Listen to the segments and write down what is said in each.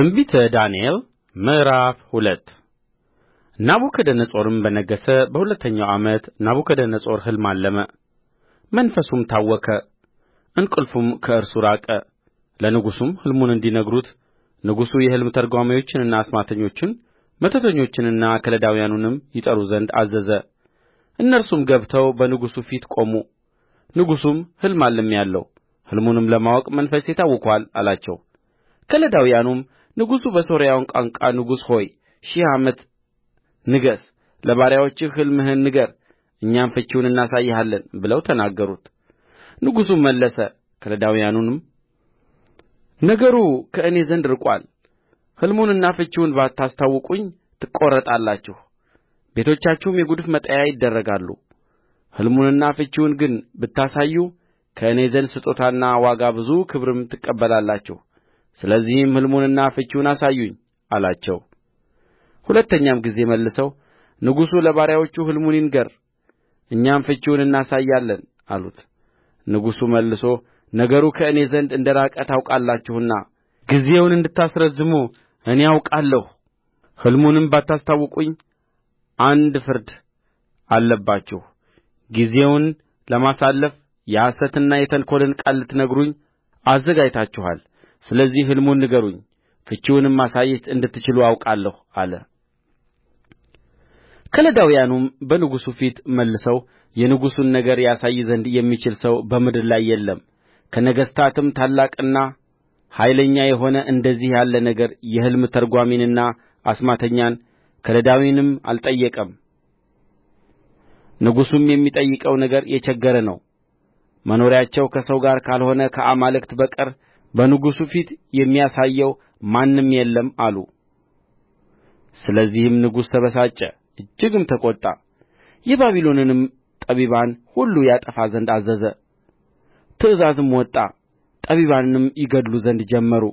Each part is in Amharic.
ትንቢተ ዳንኤል ምዕራፍ ሁለት ናቡከደነፆርም በነገሠ በሁለተኛው ዓመት ናቡከደነፆር ሕልም አለመ፣ መንፈሱም ታወከ፣ እንቅልፉም ከእርሱ ራቀ። ለንጉሡም ሕልሙን እንዲነግሩት ንጉሡ የሕልም ተርጓሚዎችንና አስማተኞችን መተተኞችንና ከለዳውያኑንም ይጠሩ ዘንድ አዘዘ። እነርሱም ገብተው በንጉሡ ፊት ቆሙ። ንጉሡም ሕልም አልሜአለሁ፣ ሕልሙንም ለማወቅ መንፈሴ ታውኮአል አላቸው። ከለዳውያኑም ንጉሡ በሶርያው ቋንቋ ንጉሥ ሆይ ሺህ ዓመት ንገሥ ለባሪያዎችህ ሕልምህን ንገር እኛም ፍቺውን እናሳይሃለን ብለው ተናገሩት ንጉሡም መለሰ ከለዳውያኑንም ነገሩ ከእኔ ዘንድ ርቆአል ሕልሙንና ፍቺውን ባታስታውቁኝ ትቈረጣላችሁ ቤቶቻችሁም የጕድፍ መጣያ ይደረጋሉ ሕልሙንና ፍቺውን ግን ብታሳዩ ከእኔ ዘንድ ስጦታና ዋጋ ብዙ ክብርም ትቀበላላችሁ ስለዚህም ሕልሙንና ፍቺውን አሳዩኝ አላቸው ሁለተኛም ጊዜ መልሰው ንጉሡ ለባሪያዎቹ ሕልሙን ይንገር እኛም ፍቺውን እናሳያለን አሉት ንጉሡ መልሶ ነገሩ ከእኔ ዘንድ እንደ ራቀ ታውቃላችሁና ጊዜውን እንድታስረዝሙ እኔ አውቃለሁ ሕልሙንም ባታስታውቁኝ አንድ ፍርድ አለባችሁ ጊዜውን ለማሳለፍ የሐሰትንና የተንኰልን ቃል ልትነግሩኝ አዘጋጅታችኋል ስለዚህ ሕልሙን ንገሩኝ ፍቺውንም ማሳየት እንድትችሉ አውቃለሁ አለ ከለዳውያኑም በንጉሡ ፊት መልሰው የንጉሡን ነገር ያሳይ ዘንድ የሚችል ሰው በምድር ላይ የለም ከነገሥታትም ታላቅና ኃይለኛ የሆነ እንደዚህ ያለ ነገር የሕልም ተርጓሚንና አስማተኛን ከለዳዊንም አልጠየቀም ንጉሡም የሚጠይቀው ነገር የቸገረ ነው መኖሪያቸው ከሰው ጋር ካልሆነ ከአማልክት በቀር በንጉሡ ፊት የሚያሳየው ማንም የለም አሉ ስለዚህም ንጉሡ ተበሳጨ እጅግም ተቈጣ የባቢሎንንም ጠቢባን ሁሉ ያጠፋ ዘንድ አዘዘ ትእዛዝም ወጣ ጠቢባንንም ይገድሉ ዘንድ ጀመሩ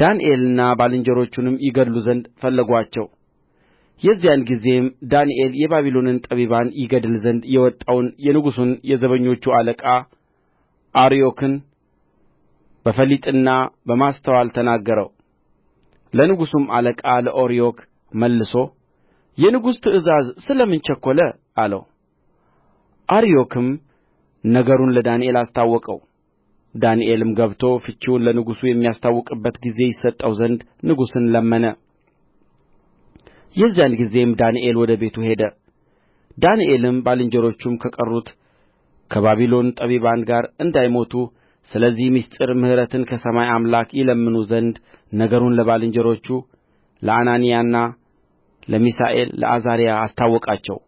ዳንኤልንና ባልንጀሮቹንም ይገድሉ ዘንድ ፈለጉአቸው የዚያን ጊዜም ዳንኤል የባቢሎንን ጠቢባን ይገድል ዘንድ የወጣውን የንጉሡን የዘበኞቹ አለቃ አርዮክን በፈሊጥና በማስተዋል ተናገረው ለንጉሡም አለቃ ለአርዮክ መልሶ የንጉሥ ትእዛዝ ስለ ምን ቸኰለ አለው አርዮክም ነገሩን ለዳንኤል አስታወቀው ዳንኤልም ገብቶ ፍቺውን ለንጉሡ የሚያስታውቅበት ጊዜ ይሰጠው ዘንድ ንጉሡን ለመነ የዚያን ጊዜም ዳንኤል ወደ ቤቱ ሄደ ዳንኤልም ባልንጀሮቹም ከቀሩት ከባቢሎን ጠቢባን ጋር እንዳይሞቱ ስለዚህ ምሥጢር ምሕረትን ከሰማይ አምላክ ይለምኑ ዘንድ ነገሩን ለባልንጀሮቹ ለአናንያና ለሚሳኤል ለአዛርያ አስታወቃቸው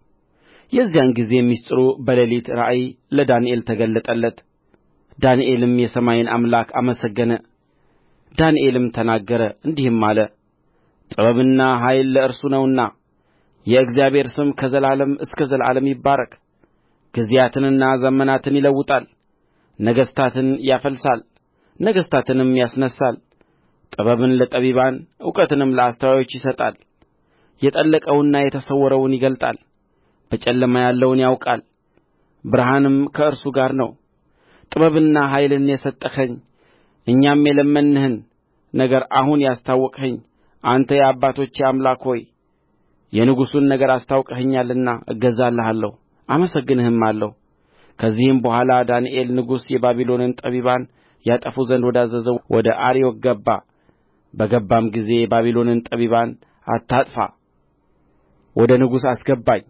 የዚያን ጊዜም ምሥጢሩ በሌሊት ራእይ ለዳንኤል ተገለጠለት ዳንኤልም የሰማይን አምላክ አመሰገነ ዳንኤልም ተናገረ እንዲህም አለ ጥበብና ኃይል ለእርሱ ነውና የእግዚአብሔር ስም ከዘላለም እስከ ዘላለም ይባረክ ጊዜያትንና ዘመናትን ይለውጣል ነገሥታትን ያፈልሳል ነገሥታትንም ያስነሣል ጥበብን ለጠቢባን እውቀትንም ለአስተዋዮች ይሰጣል የጠለቀውንና የተሰወረውን ይገልጣል በጨለማ ያለውን ያውቃል ብርሃንም ከእርሱ ጋር ነው ጥበብንና ኃይልን የሰጠኸኝ እኛም የለመንንህን ነገር አሁን ያስታወቅኸኝ አንተ የአባቶቼ አምላክ ሆይ የንጉሡን ነገር አስታውቀኸኛልና እገዛልሃለሁ አመሰግንህማለሁ ከዚህም በኋላ ዳንኤል ንጉሡ የባቢሎንን ጠቢባን ያጠፉ ዘንድ ወዳዘዘው ወደ አርዮክ ገባ በገባም ጊዜ የባቢሎንን ጠቢባን አታጥፋ ወደ ንጉሡ አስገባኝ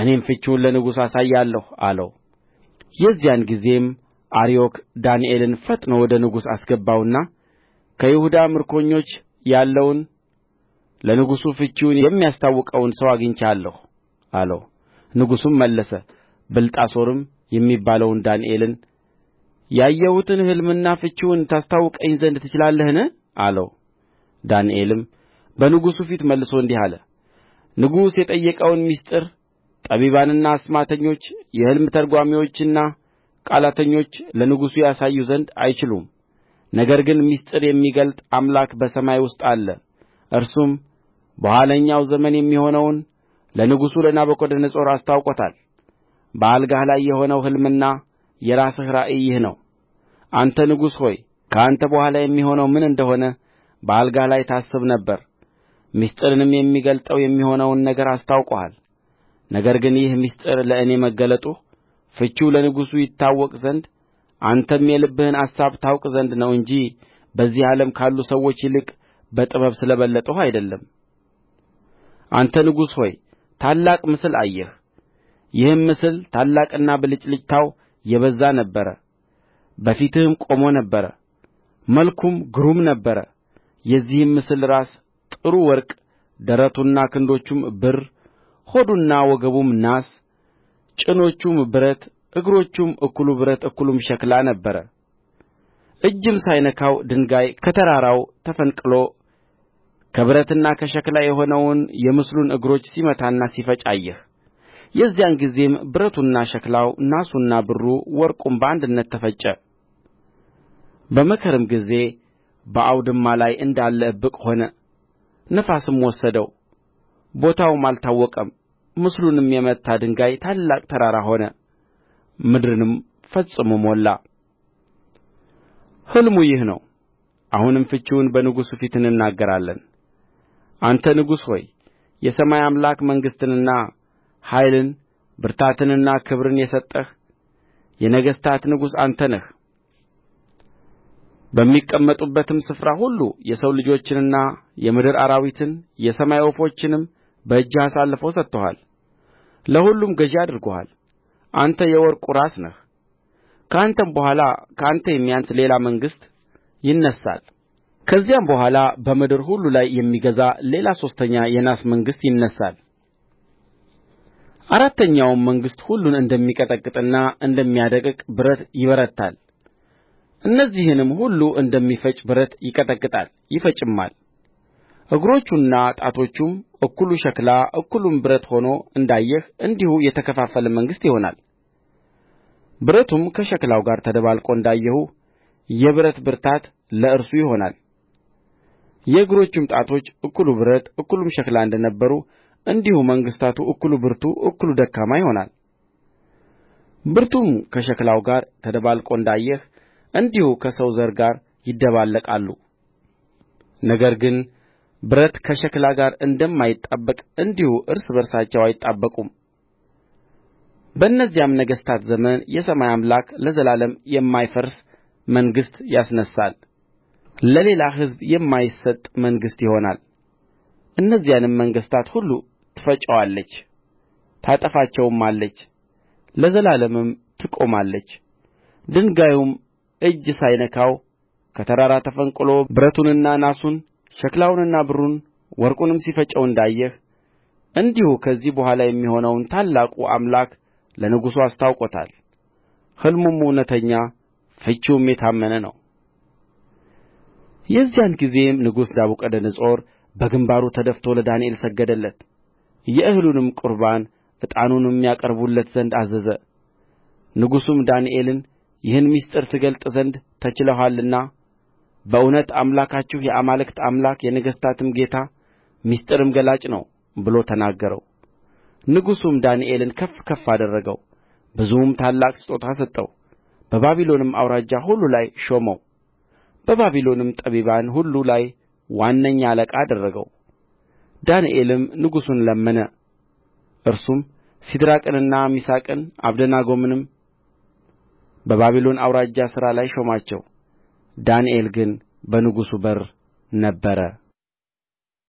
እኔም ፍቺውን ለንጉሡ አሳያለሁ አለው የዚያን ጊዜም አርዮክ ዳንኤልን ፈጥኖ ወደ ንጉሡ አስገባውና ከይሁዳ ምርኮኞች ያለውን ለንጉሡ ፍቺውን የሚያስታውቀውን ሰው አግኝቼአለሁ አለው ንጉሡም መለሰ ብልጣሶርም የሚባለውን ዳንኤልን ያየሁትን ሕልምና ፍቺውን ታስታውቀኝ ዘንድ ትችላለህን አለው ዳንኤልም በንጉሡ ፊት መልሶ እንዲህ አለ ንጉሡ የጠየቀውን ምሥጢር ጠቢባንና አስማተኞች የሕልም ተርጓሚዎችና ቃላተኞች ለንጉሡ ያሳዩ ዘንድ አይችሉም ነገር ግን ምሥጢር የሚገልጥ አምላክ በሰማይ ውስጥ አለ እርሱም በኋለኛው ዘመን የሚሆነውን ለንጉሡ ለናቡከደነፆር አስታውቆታል በአልጋህ ላይ የሆነው ሕልምና የራስህ ራእይ ይህ ነው አንተ ንጉሥ ሆይ ከአንተ በኋላ የሚሆነው ምን እንደ ሆነ በአልጋህ ላይ ታስብ ነበር ምሥጢርንም የሚገልጠው የሚሆነውን ነገር አስታውቆሃል ነገር ግን ይህ ምሥጢር ለእኔ መገለጡ ፍቺው ለንጉሡ ይታወቅ ዘንድ አንተም የልብህን አሳብ ታውቅ ዘንድ ነው እንጂ በዚህ ዓለም ካሉ ሰዎች ይልቅ በጥበብ ስለ በለጥሁ አይደለም አንተ ንጉሥ ሆይ ታላቅ ምስል አየህ ይህም ምስል ታላቅና ብልጭልጭታው የበዛ ነበረ በፊትህም ቆሞ ነበር መልኩም ግሩም ነበረ የዚህም ምስል ራስ ጥሩ ወርቅ ደረቱና ክንዶቹም ብር ሆዱና ወገቡም ናስ ጭኖቹም ብረት እግሮቹም እኩሉ ብረት እኩሉም ሸክላ ነበረ እጅም ሳይነካው ድንጋይ ከተራራው ተፈንቅሎ ከብረትና ከሸክላ የሆነውን የምስሉን እግሮች ሲመታና ሲፈጭ አየህ የዚያን ጊዜም ብረቱና ሸክላው ናሱና ብሩ ወርቁም በአንድነት ተፈጨ በመከርም ጊዜ በአውድማ ላይ እንዳለ እብቅ ሆነ ነፋስም ወሰደው ቦታውም አልታወቀም ምስሉንም የመታ ድንጋይ ታላቅ ተራራ ሆነ ምድርንም ፈጽሞ ሞላ ሕልሙ ይህ ነው አሁንም ፍቺውን በንጉሡ ፊት እንናገራለን አንተ ንጉሥ ሆይ የሰማይ አምላክ መንግሥትንና ኃይልን ብርታትንና ክብርን የሰጠህ የነገሥታት ንጉሥ አንተ ነህ በሚቀመጡበትም ስፍራ ሁሉ የሰው ልጆችንና የምድር አራዊትን የሰማይ ወፎችንም በእጅህ አሳልፎ ሰጥቶሃል ለሁሉም ገዥ አድርጎሃል አንተ የወርቁ ራስ ነህ ከአንተም በኋላ ከአንተ የሚያንስ ሌላ መንግሥት ይነሣል ከዚያም በኋላ በምድር ሁሉ ላይ የሚገዛ ሌላ ሦስተኛ የናስ መንግሥት ይነሣል አራተኛውም መንግሥት ሁሉን እንደሚቀጠቅጥና እንደሚያደቅቅ ብረት ይበረታል እነዚህንም ሁሉ እንደሚፈጭ ብረት ይቀጠቅጣል ይፈጭማል እግሮቹና ጣቶቹም እኩሉ ሸክላ እኩሉም ብረት ሆኖ እንዳየህ እንዲሁ የተከፋፈለ መንግሥት ይሆናል ብረቱም ከሸክላው ጋር ተደባልቆ እንዳየሁ የብረት ብርታት ለእርሱ ይሆናል የእግሮቹም ጣቶች እኩሉ ብረት እኩሉም ሸክላ እንደ ነበሩ እንዲሁ መንግሥታቱ እኩሉ ብርቱ እኩሉ ደካማ ይሆናል ብርቱም ከሸክላው ጋር ተደባልቆ እንዳየህ እንዲሁ ከሰው ዘር ጋር ይደባለቃሉ ነገር ግን ብረት ከሸክላ ጋር እንደማይጣበቅ እንዲሁ እርስ በርሳቸው አይጣበቁም በእነዚያም ነገሥታት ዘመን የሰማይ አምላክ ለዘላለም የማይፈርስ መንግሥት ያስነሣል ለሌላ ሕዝብ የማይሰጥ መንግሥት ይሆናል እነዚያንም መንግሥታት ሁሉ ትፈጨዋለች ታጠፋቸውማለች ለዘላለምም ትቆማለች ድንጋዩም እጅ ሳይነካው ከተራራ ተፈንቅሎ ብረቱንና ናሱን ሸክላውንና ብሩን ወርቁንም ሲፈጨው እንዳየህ እንዲሁ ከዚህ በኋላ የሚሆነውን ታላቁ አምላክ ለንጉሡ አስታውቆታል። ሕልሙም እውነተኛ ፍቺውም የታመነ ነው። የዚያን ጊዜም ንጉሡ ናቡከደነፆር በግምባሩ ተደፍቶ ለዳንኤል ሰገደለት የእህሉንም ቍርባን ዕጣኑንም ያቀርቡለት ዘንድ አዘዘ ንጉሡም ዳንኤልን ይህን ምሥጢር ትገልጥ ዘንድ ተችሎሃልና በእውነት አምላካችሁ የአማልክት አምላክ የነገሥታትም ጌታ ምሥጢርም ገላጭ ነው ብሎ ተናገረው ንጉሡም ዳንኤልን ከፍ ከፍ አደረገው ብዙም ታላቅ ስጦታ ሰጠው በባቢሎንም አውራጃ ሁሉ ላይ ሾመው በባቢሎንም ጠቢባን ሁሉ ላይ ዋነኛ አለቃ አደረገው ዳንኤልም ንጉሡን ለመነ እርሱም ሲድራቅንና ሚሳቅን አብደናጎንም በባቢሎን አውራጃ ሥራ ላይ ሾማቸው ዳንኤል ግን በንጉሡ በር ነበረ